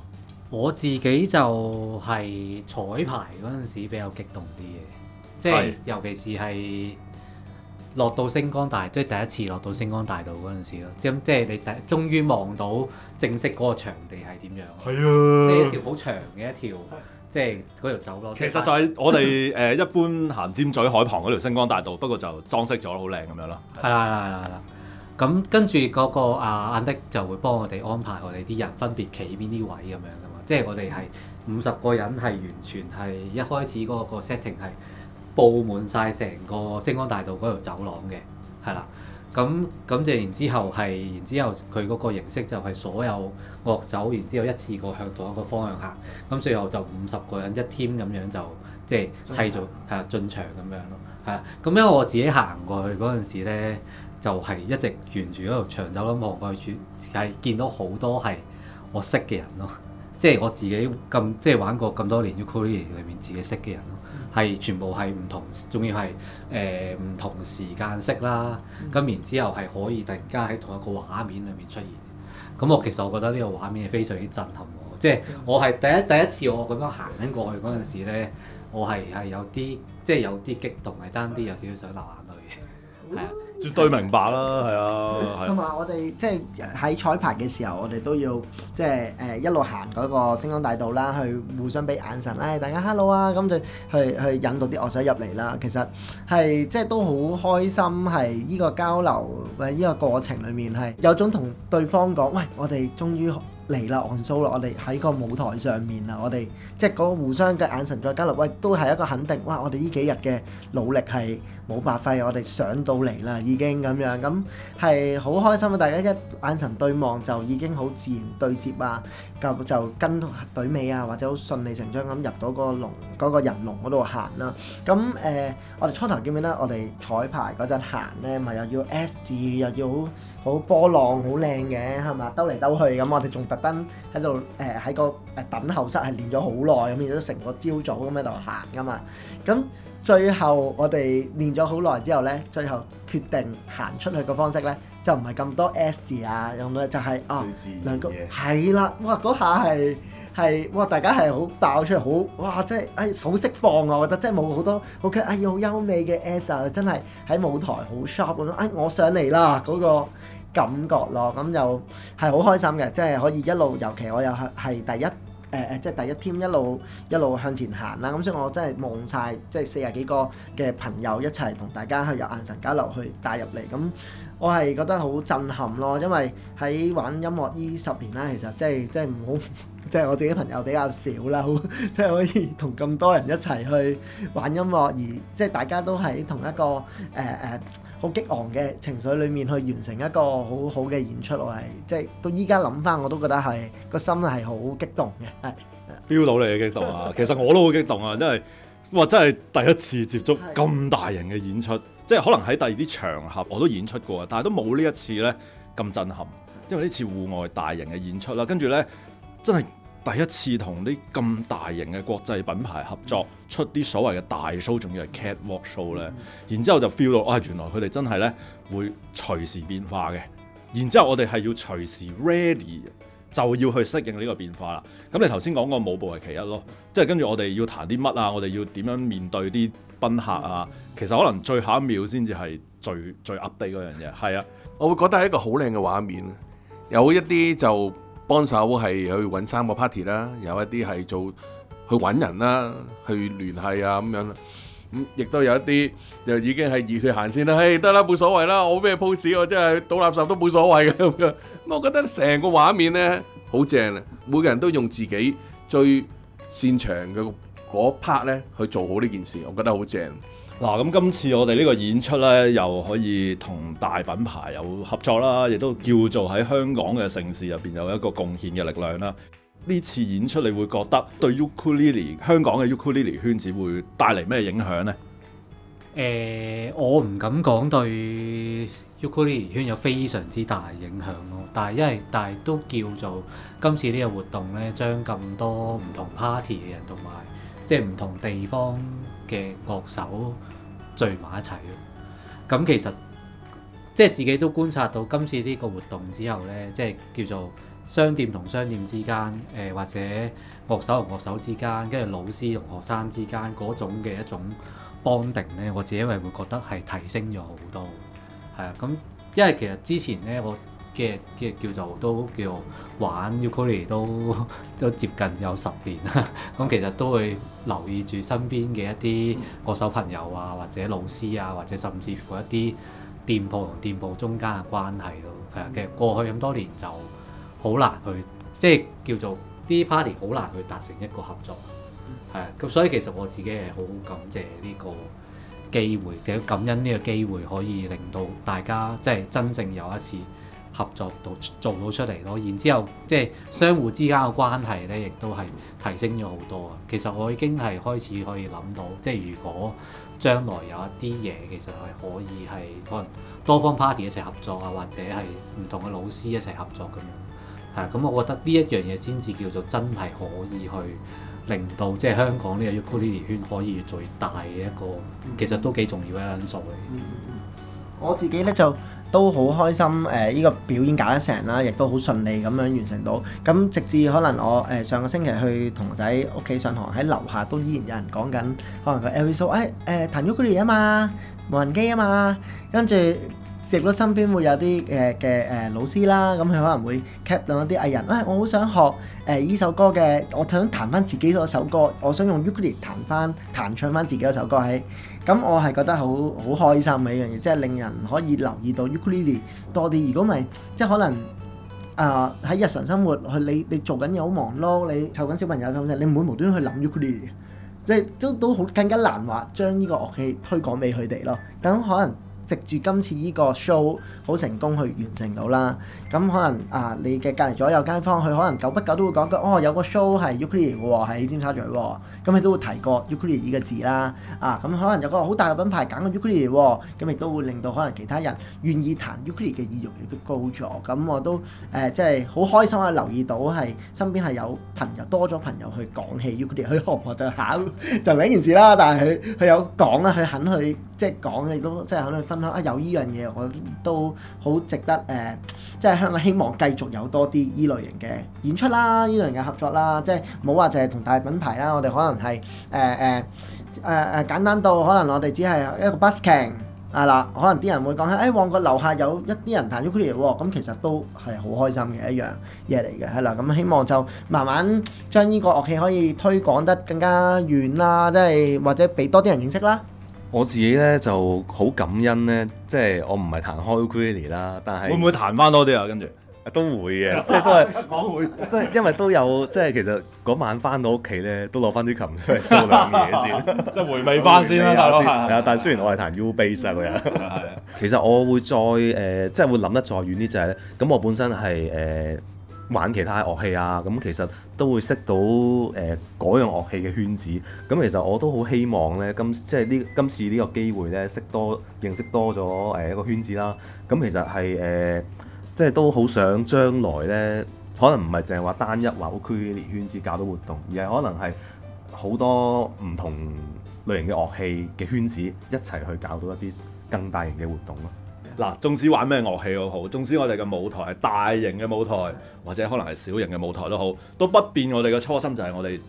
我自己就係彩排嗰陣時比較激動啲嘢，即係尤其是係。落到星光大，即係第一次落到星光大道嗰陣時咯。即係即係你第，終於望到正式嗰個場地係點樣？係啊，呢一條好長嘅一條，即係嗰條走廊。其實就係我哋誒一般行尖咀海旁嗰條星光大道，不過就裝飾咗好靚咁樣咯。係啦，係啦，係啦。咁跟住嗰個阿阿迪就會幫我哋安排我哋啲人分別企邊啲位咁樣㗎嘛。即係我哋係五十個人，係完全係一開始嗰個 setting 係。布滿晒成個星光大道嗰條走廊嘅，係啦，咁咁就然之後係，然之後佢嗰個形式就係所有樂手，然之後一次過向同一個方向行，咁最後就五十個人一 team 咁樣就即係、就是、行砌咗係進場咁樣咯，係啊，咁因為我自己行過去嗰陣時咧，就係、是、一直沿住嗰條長走廊望過去，主係見到好多係我識嘅人咯，即係我自己咁即係玩過咁多年嘅 c 面自己識嘅人咯。係全部係唔同，仲要係誒唔同時間式啦。咁、嗯、然之後係可以突然間喺同一個畫面裏面出現。咁我其實我覺得呢個畫面係非常之震撼喎。即、就、係、是、我係第一、嗯、第一次我咁樣行緊過去嗰陣時咧，嗯、我係係有啲即係有啲激動，係爭啲有少少想流眼淚嘅，係啊。嗯 絕對明白啦，係啊，同埋我哋即係喺彩排嘅時候，我哋都要即係誒一路行嗰個星光大道啦，去互相俾眼神啦，大家 hello 啊，咁就去去引導啲樂手入嚟啦。其實係即係都好開心，係呢個交流咧，呢個過程裡面係有種同對,對方講，喂，我哋終於～嚟啦，on show 啦！我哋喺個舞台上面啦，我哋即係嗰個互相嘅眼神再交流，喂，都係一個肯定，哇！我哋呢幾日嘅努力係冇白費，我哋上到嚟啦，已經咁樣，咁係好開心啊！大家一眼神對望就已經好自然對接啊，咁就，就跟隊尾啊，或者好順理成章咁入到個龍嗰、嗰個人龍嗰度行啦。咁、嗯、誒、呃，我哋初頭見面咧，我哋彩排嗰陣行咧，咪又要 s 字，又要。好波浪好靚嘅係嘛？兜嚟兜去咁，我哋仲特登喺度誒，喺個誒等候室係練咗好耐咁，變成個朝早咁喺度行噶嘛。咁最後我哋練咗好耐之後咧，最後決定行出去嘅方式咧，就唔係咁多 S 字啊，用到就係、是、啊兩個係啦。哇！嗰下係係哇，大家係好爆出嚟，好哇！即係誒好釋放啊！我覺得即係冇好多 OK 啊，好優美嘅 S 啊，真係喺舞台好 shop 咁啊！我上嚟啦嗰個。感覺咯，咁又係好開心嘅，即係可以一路，尤其我又係第一，誒、呃、誒，即係第一 team 一路一路向前行啦。咁所以我真係望晒，即係四十幾個嘅朋友一齊同大家去有眼神交流，去帶入嚟，咁我係覺得好震撼咯。因為喺玩音樂呢十年啦，其實真係真係唔好。 即係我自己朋友比較少啦，好即係可以同咁多人一齊去玩音樂，而即係大家都喺同一個誒誒好激昂嘅情緒裡面去完成一個好好嘅演出。我係即係到依家諗返，我都覺得係個心係好激動嘅，係 feel 到你嘅激動啊！ 其實我都好激動啊，因為哇，真係第一次接觸咁大型嘅演出，即係 可能喺第二啲場合我都演出過啊，但係都冇呢一次咧咁震撼，因為呢次戶外大型嘅演出啦，跟住咧。真係第一次同啲咁大型嘅國際品牌合作，出啲所謂嘅大 show，仲要係 catwalk show 咧、嗯。然之後就 feel 到，哎，原來佢哋真係咧會隨時變化嘅。然之後我哋係要隨時 ready，就要去適應呢個變化啦。咁你頭先講過舞步係其一咯，即係跟住我哋要彈啲乜啊？我哋要點樣面對啲賓客啊？其實可能最後一秒先至係最最 update 嗰樣嘢。係啊，我會覺得係一個好靚嘅畫面，有一啲就。幫手係去搵三個 party 啦，有一啲係做去搵人啦，去聯繫啊咁樣，咁亦都有一啲就已經係熱血行先啦。嘿，得啦，冇所謂啦，我咩 pose 我真係倒垃圾都冇所謂嘅咁樣。咁我覺得成個畫面咧好正啦，每個人都用自己最擅長嘅嗰 part 咧去做好呢件事，我覺得好正。嗱，咁今次我哋呢個演出呢，又可以同大品牌有合作啦，亦都叫做喺香港嘅城市入邊有一個貢獻嘅力量啦。呢次演出你會覺得對 ukulele 香港嘅 ukulele 圈子會帶嚟咩影響呢？誒、呃，我唔敢講對 ukulele 圈有非常之大影響咯。但係因為，但係都叫做今次呢個活動呢，將咁多唔同 party 嘅人同埋，即係唔同地方。嘅樂手聚埋一齊咯，咁其實即係自己都觀察到今次呢個活動之後呢，即係叫做商店同商店之間，誒、呃、或者樂手同樂手之間，跟住老師同學生之間嗰種嘅一種 bonding 呢。我自己因為會覺得係提升咗好多，係啊，咁因為其實之前呢，我嘅嘅叫做都叫做玩 ukulele 都都接近有十年啦，咁其實都會。留意住身邊嘅一啲歌手朋友啊，或者老師啊，或者甚至乎一啲店鋪同店鋪中間嘅關係咯、啊。係啊，其實過去咁多年就好難去，即係叫做啲 party 好難去達成一個合作。係啊，咁所以其實我自己係好感謝呢個機會，亦感恩呢個機會可以令到大家即係真正有一次。合作到做到出嚟咯，然之後即係相互之間嘅關係咧，亦都係提升咗好多啊！其實我已經係開始可以諗到，即係如果將來有一啲嘢，其實係可以係可能多方 party 一齊合作啊，或者係唔同嘅老師一齊合作咁樣，係咁、嗯，我覺得呢一樣嘢先至叫做真係可以去令到即係香港呢個 ukulele 圈可以越做越大嘅一個，其實都幾重要嘅因素嚟、嗯。我自己咧就。都好開心，誒、呃、依、這個表演搞得成啦，亦都好順利咁樣完成到。咁直至可能我誒、呃、上個星期去同仔屋企上堂，喺樓下都依然有人講緊，可能佢。LV show，誒誒彈 ukulele 啊嘛，無人機啊嘛，跟住亦都身邊會有啲誒嘅誒老師啦，咁、嗯、佢可能會 captain 一啲藝人，誒、哎、我好想學誒依、呃、首歌嘅，我想彈翻自己嗰首歌，我想用 ukulele 彈翻彈唱翻自己嗰首歌喺。咁我係覺得好好開心嘅一樣嘢，即係令人可以留意到 ukulele 多啲。如果咪即係可能啊，喺、呃、日常生活佢你你做緊有忙咯，你湊緊小朋友湊你唔會無端去諗 ukulele 嘅，即係都都好更加難話將呢個樂器推廣俾佢哋咯。咁可能。藉住今次呢個 show 好成功去完成到啦，咁可能啊、呃、你嘅隔離左右街坊佢可能久不久都會講句哦，有個 show 係 ukulele 嘅喎、哦、喺尖沙咀喎、哦，咁佢都會提過 ukulele 呢個字啦，啊咁、嗯、可能有個好大嘅品牌揀個 ukulele 喎，咁、嗯、亦都會令到可能其他人願意彈 ukulele 嘅意欲亦都高咗，咁、嗯、我都誒、呃、即係好開心啊，留意到係身邊係有朋友多咗朋友去講起 ukulele 佢學學就考就另一件事啦， 但係佢佢有講啦，佢肯去即係講亦都即係肯去嗯、有呢樣嘢，我都好值得誒、呃，即係香港希望繼續有多啲依類型嘅演出啦，依類型嘅合作啦，即係冇話就係同大品牌啦，我哋可能係誒誒誒誒簡單到可能我哋只係一個 busking 係啦，可能啲人會講喺、欸、旺角樓下有一啲人彈 ukulele 喎、哦，咁其實都係好開心嘅一樣嘢嚟嘅係啦，咁、嗯、希望就慢慢將呢個樂器可以推廣得更加遠啦，即係或者俾多啲人認識啦。我自己咧就好感恩咧，即係我唔係彈開 Queenie 啦，但係會唔會彈翻多啲啊？跟住都會嘅，即係都係講會，即係 因為都有，即係其實嗰晚翻到屋企咧，都攞翻啲琴出去掃兩嘢先， 即係回味翻先啦，大佬。係啊， 但係雖然我係彈 U bass 嘅人，係其實我會再誒、呃，即係會諗得再遠啲就係、是、咧，咁我本身係誒、呃、玩其他，其他樂器啊，咁其實。都會識到誒嗰、呃、樣樂器嘅圈子，咁其實我都好希望咧，今即係呢今次呢個機會咧，識多認識多咗誒一個圈子啦。咁其實係誒、呃，即係都好想將來呢，可能唔係淨係話單一華僑區啲圈子搞到活動，而係可能係好多唔同類型嘅樂器嘅圈子一齊去搞到一啲更大型嘅活動咯。嗱，縱使玩咩樂器又好，縱使我哋嘅舞台係大型嘅舞台，或者可能係小型嘅舞台都好，都不變我哋嘅初心就係我哋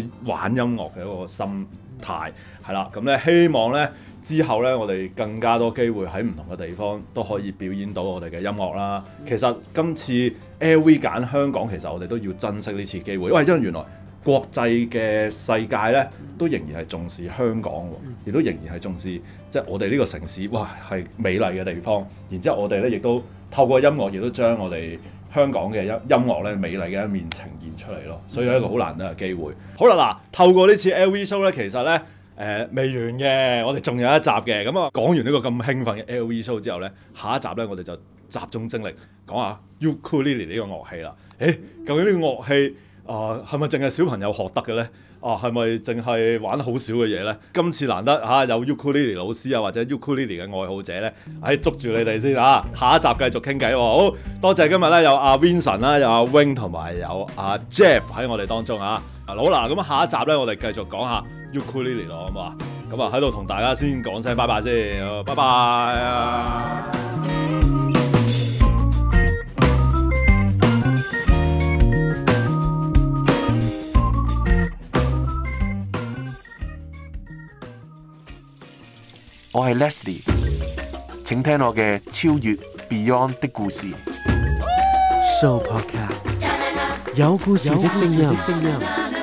愛玩音樂嘅一個心態，係啦。咁咧希望咧之後咧，我哋更加多機會喺唔同嘅地方都可以表演到我哋嘅音樂啦。其實今次 LV 揀香港，其實我哋都要珍惜呢次機會。喂，因為原來。國際嘅世界咧，都仍然係重視香港，亦都仍然係重視即係、就是、我哋呢個城市，哇，係美麗嘅地方。然之後我哋咧，亦都透過音樂，亦都將我哋香港嘅音音樂咧，美麗嘅一面呈現出嚟咯。所以係一個好難得嘅機會。好啦，嗱，透過呢次 L V Show 咧，其實咧，誒、呃、未完嘅，我哋仲有一集嘅。咁、嗯、啊，講完呢個咁興奮嘅 L V Show 之後咧，下一集咧，我哋就集中精力講下 Ukulele 呢個樂器啦。誒，究竟呢個樂器？啊，係咪淨係小朋友學得嘅咧？啊，係咪淨係玩好少嘅嘢咧？今次難得嚇、啊，有 Ukulele 老師啊，或者 Ukulele 嘅愛好者咧，喺、啊、捉住你哋先嚇、啊。下一集繼續傾偈、啊，好多謝今日咧有阿 Vincent 啦，有阿 Wing 同埋有阿、啊啊、Jeff 喺我哋當中嚇、啊啊。好啦，咁下一集咧我哋繼續講下 Ukulele 咯咁啊，咁啊喺度同大家先講聲拜拜先，拜拜、啊。我係 Leslie 請聽我嘅超越 beyond 的故事 so 有故事的聲音，音